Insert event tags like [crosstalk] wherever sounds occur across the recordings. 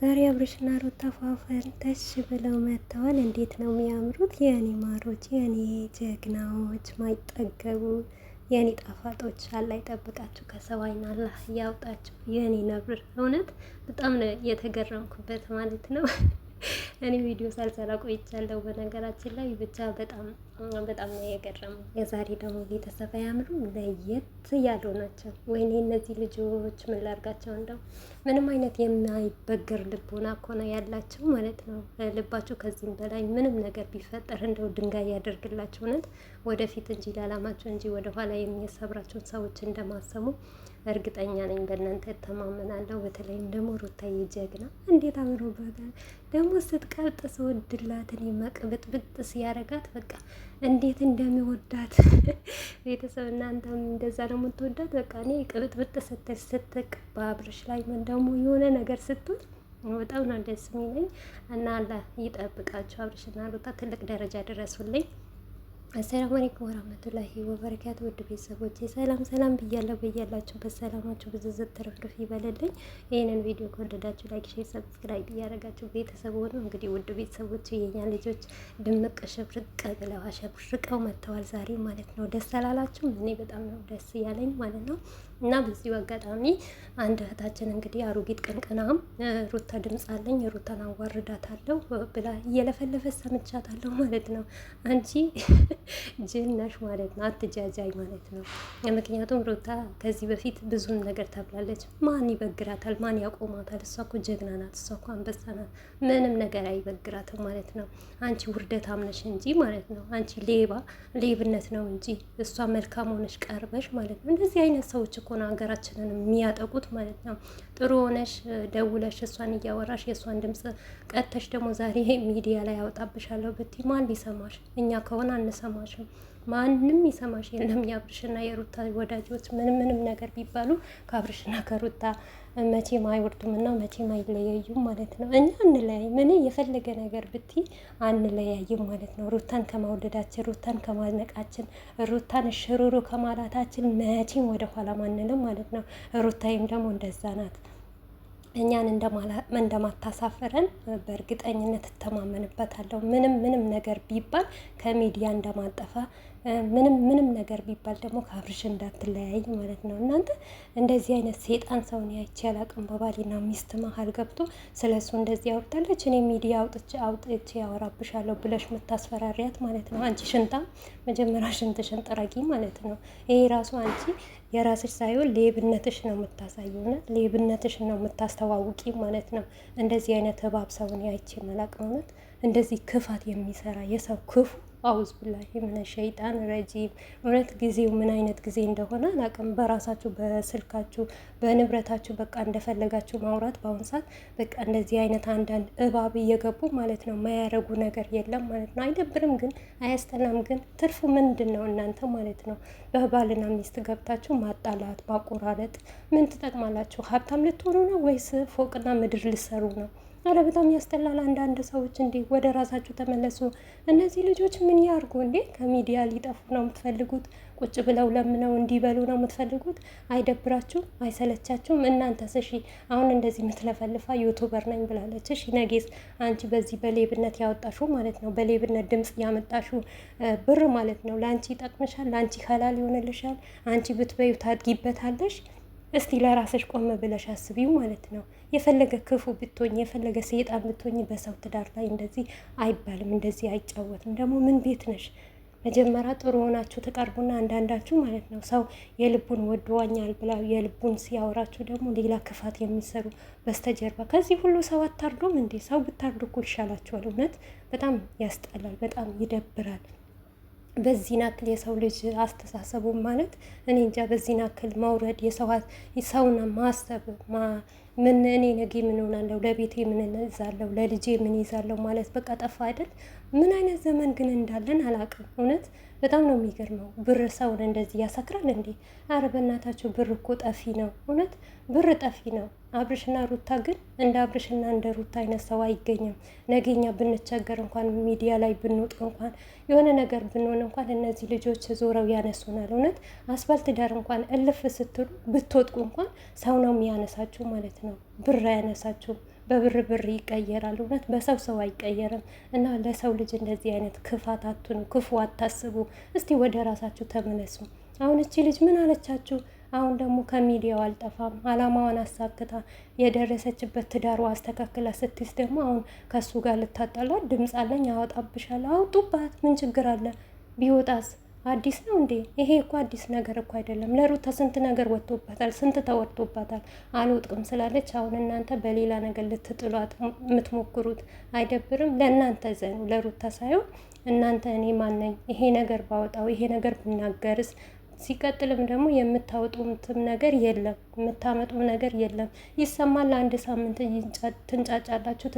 ዛሬ አብርሽና ሩታ ተሽ ብለው መጥተዋል። እንዴት ነው የሚያምሩት! የኔ ማሮች፣ የኔ ጀግናዎች፣ ማይጠገቡ የኔ ጣፋጦች፣ አላ ይጠብቃችሁ፣ ከሰባይና አላህ ያውጣችሁ የኔ ነብር። እውነት በጣም ነው የተገረምኩበት ማለት ነው። እኔ ቪዲዮ ሳልሰራ ቆይቻለሁ። በነገራችን ላይ ብቻ በጣም በጣም ነው የገረመው። የዛሬ ደግሞ ቤተሰብ አያምሩም፣ ለየት ያሉ ናቸው። ወይኔ እነዚህ ልጆች ምን ላርጋቸው? እንደው ምንም አይነት የማይበገር ልቦና እኮ ነው ያላቸው ማለት ነው። ልባቸው ከዚህም በላይ ምንም ነገር ቢፈጠር እንደው ድንጋይ ያደርግላቸው እውነት ወደፊት እንጂ ለዓላማቸው እንጂ ወደኋላ የሚያሰብራቸውን ሰዎች እንደማሰሙ እርግጠኛ ነኝ በእናንተ እተማመናለሁ። በተለይም ደግሞ ሩታዬ ጀግና እንዴት አምሮባታል ደግሞ ስትቀብጥ ስወድላትን መቅብጥብጥ ሲያረጋት በቃ እንዴት እንደሚወዳት [laughs] ቤተሰብ እናንተም እንደዛ ነው የምትወዳት። በቃ እኔ ቅብጥ ብጥ ስትል ስትቅ በአብርሽ ላይ ደግሞ የሆነ ነገር ስትል በጣም ነው ደስ የሚለኝ እና አላህ ይጠብቃቸው። አብርሽና ሩታ ትልቅ ደረጃ ድረሱልኝ። አሰላሙ አለይኩም ወራህመቱላሂ ወበረካቱ ውድ ቤተሰቦች ሰላም ሰላም ብያለሁ። በያላችሁበት በሰላማችሁ ብዝዝት ተረፍርፍ ይበልልኝ። ይህንን ቪዲዮ ከወደዳችሁ ላይክ፣ ሼር፣ ሰብስክራይብ እያደረጋችሁ ቤተሰቡ ነው እንግዲህ ውድ ቤተሰቦች የኛ ልጆች ድምቅ ሽብርቅ ብለው አሸብርቀው መጥተዋል ዛሬ ማለት ነው። ደስ አላላችሁም? እኔ በጣም ነው ደስ እያለኝ ማለት ነው። እና በዚሁ አጋጣሚ አንድ እህታችን እንግዲህ አሮጊት ቅንቅናም ሩታ ድምፅ አለኝ ሩታን አዋርዳታለሁ ብላ እየለፈለፈ ሰምቻታለሁ ማለት ነው። አንቺ ጅናሽ ማለት ነው፣ አትጃጃይ ማለት ነው። ምክንያቱም ሩታ ከዚህ በፊት ብዙም ነገር ተብላለች። ማን ይበግራታል? ማን ያቆማታል? እሷ እኮ ጀግና ናት፣ እሷ እኮ አንበሳ ናት። ምንም ነገር አይበግራትም ማለት ነው። አንቺ ውርደት አምነሽ እንጂ ማለት ነው። አንቺ ሌባ ሌብነት ነው እንጂ እሷ መልካም ሆነሽ ቀርበሽ ማለት ነው። እንደዚህ አይነት ሰዎች እኮ ነው ሀገራችንን የሚያጠቁት ማለት ነው። ጥሩ ሆነሽ ደውለሽ እሷን እያወራሽ የእሷን ድምፅ ቀተሽ ደግሞ ዛሬ ሚዲያ ላይ ያወጣብሻለሁ ብትይ ማን ሊሰማሽ? እኛ ከሆነ አንሰማሽም። ማንም ይሰማሽ የለም። የአብርሽና የሩታ ወዳጆች ምን ምንም ነገር ቢባሉ ከአብርሽና ከሩታ መቼም አይወርዱም እና መቼም አይለያዩም ማለት ነው። እኛ አንለያይ ምን የፈለገ ነገር ብቲ አንለያይም ማለት ነው። ሩታን ከማውደዳችን፣ ሩታን ከማድነቃችን፣ ሩታን ሽሩሩ ከማላታችን መቼም ወደኋላ ማንልም ማለት ነው። ሩታይም ደግሞ እንደዛ ናት። እኛን እንደማታሳፍረን በእርግጠኝነት እተማመንበታለሁ። ምንም ምንም ነገር ቢባል ከሚዲያ እንደማጠፋ ምንም ምንም ነገር ቢባል ደግሞ ከአብርሽ እንዳትለያይ ማለት ነው። እናንተ እንደዚህ አይነት ሴጣን ሰውን ያቺ ያላቅም በባሊና ሚስት መሀል ገብቶ ስለ እሱ እንደዚህ ያወጣለች እኔ ሚዲያ አውጥቼ አውጥቼ ያወራብሻለሁ ብለሽ ምታስፈራሪያት ማለት ነው። አንቺ ሽንጣ መጀመሪያ ሽንትሽን ጥረጊ ማለት ነው። ይሄ ራሱ አንቺ የራስሽ ሳይሆን ሌብነትሽ ነው የምታሳየውና ሌብነትሽ ነው የምታስተዋውቂ ማለት ነው። እንደዚህ አይነት እባብ ሰውን ያይቼ መላቅ ማለት እንደዚህ ክፋት የሚሰራ የሰው ክፉ አውዝ ብላሂ ምን ሸይጣን ረጂም። እውነት ጊዜው ምን አይነት ጊዜ እንደሆነ አላቅም። በራሳችሁ በስልካችሁ በንብረታችሁ በቃ እንደፈለጋችሁ ማውራት። በአሁኑ ሰዓት በቃ እንደዚህ አይነት አንዳንድ እባብ እየገቡ ማለት ነው የማያረጉ ነገር የለም ማለት ነው። አይደብርም ግን አያስጠላም ግን ትርፉ ምንድን ነው እናንተ ማለት ነው? በባልና ሚስት ገብታችሁ ማጣላት ማቆራረጥ ምን ትጠቅማላችሁ? ሀብታም ልትሆኑ ነው ወይስ ፎቅና ምድር ልሰሩ ነው? አረ በጣም ያስጠላል። አንዳንድ ሰዎች እንዴ ወደ ራሳቸው ተመለሱ። እነዚህ ልጆች ምን ያርጉ እንዴ? ከሚዲያ ሊጠፉ ነው የምትፈልጉት? ቁጭ ብለው ለምነው እንዲበሉ ነው የምትፈልጉት? አይደብራችሁ? አይሰለቻችሁም? እናንተስ? እሺ አሁን እንደዚህ የምትለፈልፋ ዩቱበር ነኝ ብላለች። እሺ ነጌስ፣ አንቺ በዚህ በሌብነት ያወጣሹ ማለት ነው፣ በሌብነት ድምፅ ያመጣሹ ብር ማለት ነው፣ ለአንቺ ይጠቅምሻል? ለአንቺ ሀላል ይሆንልሻል? አንቺ ብትበዩ ታድጊበታለሽ? እስቲ ለራስሽ ቆም ብለሽ አስቢው ማለት ነው። የፈለገ ክፉ ብትሆኝ፣ የፈለገ ሰይጣን ብትሆኝ በሰው ትዳር ላይ እንደዚህ አይባልም፣ እንደዚህ አይጫወትም። ደግሞ ምን ቤት ነሽ? መጀመሪያ ጥሩ ሆናችሁ ተቀርቡና አንዳንዳችሁ ማለት ነው ሰው የልቡን ወድዋኛል ብላ የልቡን ሲያወራችሁ ደግሞ ሌላ ክፋት የሚሰሩ በስተጀርባ ከዚህ ሁሉ ሰው አታርዱም እንዴ? ሰው ብታርዱ እኮ ይሻላችኋል። እውነት በጣም ያስጠላል፣ በጣም ይደብራል። በዚህ ናክል የሰው ልጅ አስተሳሰቡ ማለት እኔ እንጃ፣ በዚህን ያክል መውረድ፣ ሰውን ማሰብ ምን እኔ ነገ ምን ሆናለሁ፣ ለቤቴ ምን ይዛለሁ፣ ለልጄ ምን ይዛለሁ ማለት በቃ ጠፋ አይደል? ምን አይነት ዘመን ግን እንዳለን አላውቅም። እውነት በጣም ነው የሚገርመው። ብር ሰውን እንደዚህ ያሳክራል እንዴ? አረ በእናታቸው ብር እኮ ጠፊ ነው። እውነት ብር ጠፊ ነው። አብርሽና ሩታ ግን እንደ አብርሽና እንደ ሩታ አይነት ሰው አይገኝም። ነገኛ ብንቸገር እንኳን ሚዲያ ላይ ብንወጥቅ እንኳን የሆነ ነገር ብንሆን እንኳን እነዚህ ልጆች ዞረው ያነሱናል። እውነት አስፋልት ዳር እንኳን እልፍ ስትሉ ብትወጥቁ እንኳን ሰው ነው የሚያነሳችሁ ማለት ነው። ነው። ብር አያነሳችሁም። በብር ብር ይቀየራል። እውነት በሰው ሰው አይቀየርም። እና ለሰው ልጅ እንደዚህ አይነት ክፋት አትኑ፣ ክፉ አታስቡ። እስቲ ወደ ራሳችሁ ተመለሱ። አሁን እቺ ልጅ ምን አለቻችሁ? አሁን ደግሞ ከሚዲያው አልጠፋም አላማዋን አሳክታ የደረሰችበት ትዳሩ አስተካክላ ስትስ ደግሞ አሁን ከእሱ ጋር ልታጣላት ድምፅ አለኝ አወጣብሻለሁ። አውጡባት። ምን ችግር አለ ቢወጣስ? አዲስ ነው እንዴ? ይሄ እኮ አዲስ ነገር እኮ አይደለም። ለሩታ ስንት ነገር ወጥቶባታል፣ ስንት ተወርቶባታል። አልወጥቅም ስላለች አሁን እናንተ በሌላ ነገር ልትጥሏት የምትሞክሩት አይደብርም? ለእናንተ ዘኑ፣ ለሩታ ሳይሆን እናንተ እኔ ማነኝ? ይሄ ነገር ባወጣው ይሄ ነገር ብናገርስ ሲቀጥልም ደግሞ የምታወጡትም ነገር የለም፣ የምታመጡም ነገር የለም። ይሰማል። ለአንድ ሳምንት ትንጫጫላችሁ፣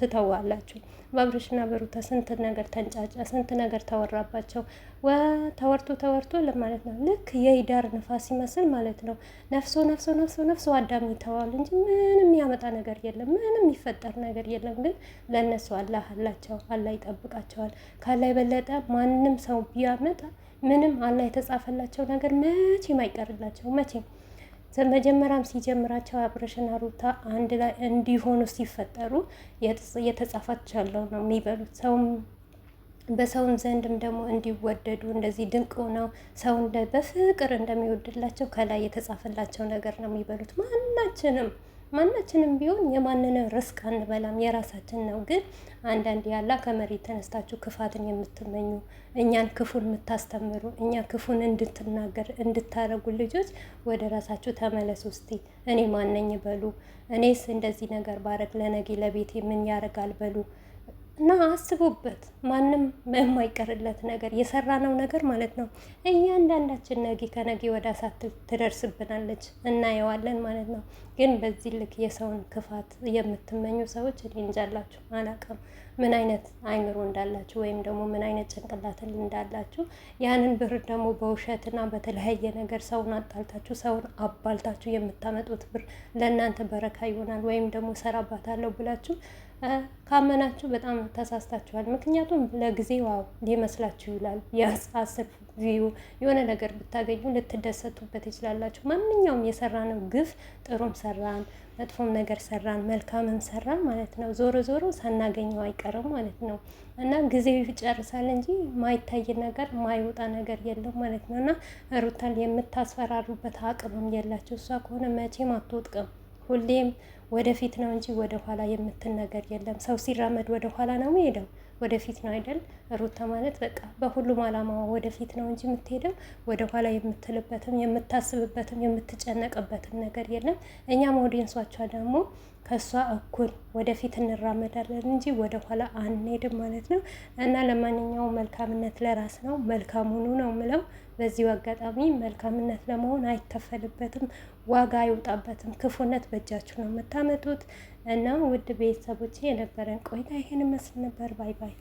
ትተዋላችሁ። በአብርሽና በሩታ ስንት ነገር ተንጫጫ፣ ስንት ነገር ተወራባቸው። ተወርቶ ተወርቶ ለማለት ነው ልክ የሂዳር ንፋስ ይመስል ማለት ነው። ነፍሶ ነፍሶ ነፍሶ ነፍሶ አዳም ይተዋል እንጂ ምንም ያመጣ ነገር የለም፣ ምንም የሚፈጠር ነገር የለም። ግን ለእነሱ አላህ አላቸው፣ አላህ ይጠብቃቸዋል። ካላ የበለጠ ማንም ሰው ቢያመጣ ምንም አላ የተጻፈላቸው ነገር መቼም አይቀርላቸው መቼም መጀመሪያም ሲጀምራቸው አብረሽና ሩታ አንድ ላይ እንዲሆኑ ሲፈጠሩ የተጻፋቻለው ነው የሚበሉት ሰውም በሰውን ዘንድም ደግሞ እንዲወደዱ እንደዚህ ድንቅ ሆነው ሰውን በፍቅር እንደሚወድላቸው ከላይ የተጻፈላቸው ነገር ነው የሚበሉት ማናችንም ማናችንም ቢሆን የማንንም ርስቅ አንበላም፣ የራሳችን ነው። ግን አንዳንድ ያላ ከመሬት ተነስታችሁ ክፋትን የምትመኙ እኛን ክፉን የምታስተምሩ እኛ ክፉን እንድትናገር እንድታረጉ ልጆች ወደ ራሳችሁ ተመለሱ። እስቲ እኔ ማነኝ በሉ። እኔስ እንደዚህ ነገር ባረግ ለነጌ ለቤቴ ምን ያደርጋል በሉ። እና አስቡበት። ማንም የማይቀርለት ነገር የሰራነው ነገር ማለት ነው። እያንዳንዳችን ነጊ ከነጊ ወደ እሳት ትደርስብናለች፣ እናየዋለን ማለት ነው። ግን በዚህ ልክ የሰውን ክፋት የምትመኙ ሰዎች እኔ እንጃላችሁ አላውቅም፣ ምን አይነት አይምሮ እንዳላችሁ ወይም ደግሞ ምን አይነት ጭንቅላትን እንዳላችሁ። ያንን ብር ደግሞ በውሸትና በተለያየ ነገር ሰውን አጣልታችሁ ሰውን አባልታችሁ የምታመጡት ብር ለእናንተ በረካ ይሆናል ወይም ደግሞ ሰራባታለሁ ብላችሁ ካመናችሁ በጣም ተሳስታችኋል። ምክንያቱም ለጊዜው ሊመስላችሁ ይላል የአስር ቪዩ የሆነ ነገር ብታገኙ ልትደሰቱበት ይችላላችሁ። ማንኛውም የሰራነው ግፍ ጥሩም ሰራን መጥፎም ነገር ሰራን መልካምም ሰራን ማለት ነው። ዞሮ ዞሮ ሳናገኘው አይቀርም ማለት ነው እና ጊዜው ይጨርሳል እንጂ ማይታይ ነገር ማይወጣ ነገር የለም ማለት ነው እና ሩታን የምታስፈራሩበት አቅምም የላቸው እሷ ከሆነ መቼም አትወጥቅም ሁሌም ወደፊት ነው እንጂ ወደ ኋላ የምትል ነገር የለም። ሰው ሲራመድ ወደ ኋላ ነው የሚሄደው፣ ወደፊት ነው አይደል? ሩታ ማለት በቃ በሁሉም አላማዋ ወደፊት ነው እንጂ የምትሄደው ወደ ኋላ የምትልበትም የምታስብበትም የምትጨነቅበትም ነገር የለም። እኛም ኦዲየንሷቿ ደግሞ ከእሷ እኩል ወደፊት እንራመዳለን እንጂ ወደኋላ አንሄድም ማለት ነው። እና ለማንኛውም መልካምነት ለራስ ነው፣ መልካም ሁኑ ነው ምለው በዚሁ አጋጣሚ መልካምነት ለመሆን አይከፈልበትም፣ ዋጋ አይወጣበትም። ክፉነት በእጃችሁ ነው የምታመጡት። እና ውድ ቤተሰቦች የነበረን ቆይታ ይሄን መስል ነበር። ባይ ባይ።